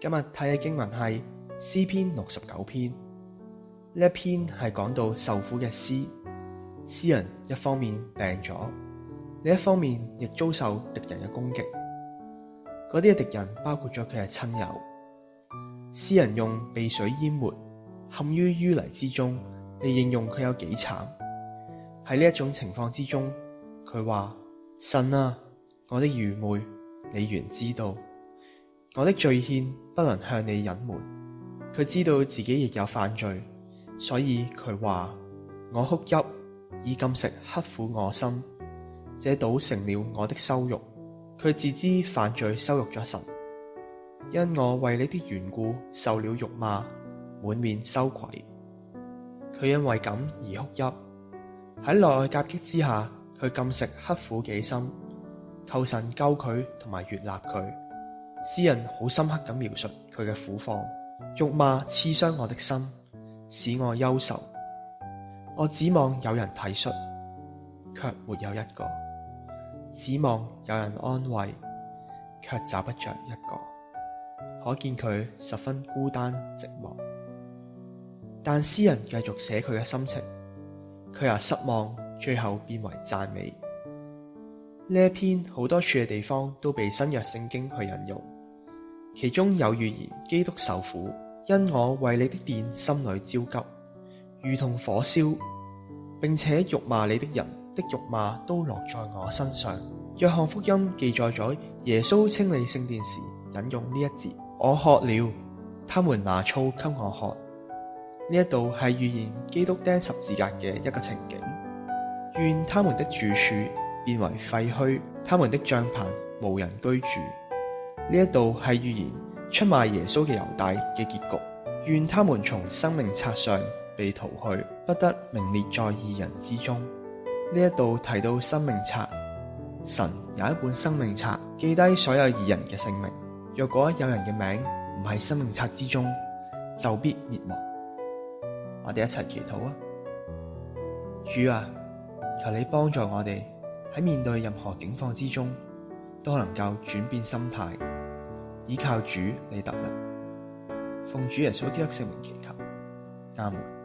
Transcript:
今日睇嘅經文係詩篇六十九篇，呢一篇係講到受苦嘅詩。詩人一方面病咗，另一方面亦遭受敵人嘅攻擊。嗰啲嘅敵人包括咗佢嘅親友。詩人用被水淹沒、陷於淤泥之中嚟形容佢有幾慘。喺呢一種情況之中，佢話神啊，我的愚昧，你原知道。我的罪愆不能向你隱瞞，佢知道自己亦有犯罪，所以佢話，我哭泣，以禁食刻苦我心，這倒成了我的羞辱。佢自知犯罪羞辱咗神，因我為你啲緣故受了辱罵，滿面羞愧。佢因為咁而哭泣，喺內外夾擊之下，佢禁食刻苦己心，求神救佢同埋悅納佢。詩人好深刻咁描述佢嘅苦況，辱罵刺傷我的心，使我憂愁。我指望有人體恤，卻沒有一個；指望有人安慰，卻找不着一個。可見佢十分孤單寂寞。但詩人繼續寫佢嘅心情，佢由失望最後變為讚美。呢一篇好多處嘅地方都被新約聖經去引用，其中有預言基督受苦，因我為你的殿心裏焦急，如同火燒，並且辱罵你的人的辱罵都落在我身上。約翰福音記載咗耶穌清理聖殿時引用呢一節，我渴了，他們拿醋給我喝。呢一度係預言基督釘十字架嘅一個情景，願他們的住處。變為廢墟，他們的帳篷無人居住。呢一度係預言出賣耶穌嘅猶大嘅結局。願他們從生命冊上被塗去，不得名列在義人之中。呢一度提到生命冊，神有一本生命冊，記低所有義人嘅姓名。若果有人嘅名唔係生命冊之中，就必滅亡。我哋一齊祈禱啊！主啊，求你幫助我哋。喺面對任何境況之中，都能夠轉變心態，依靠主嚟得力，奉主耶穌基督聖名祈求，阿門。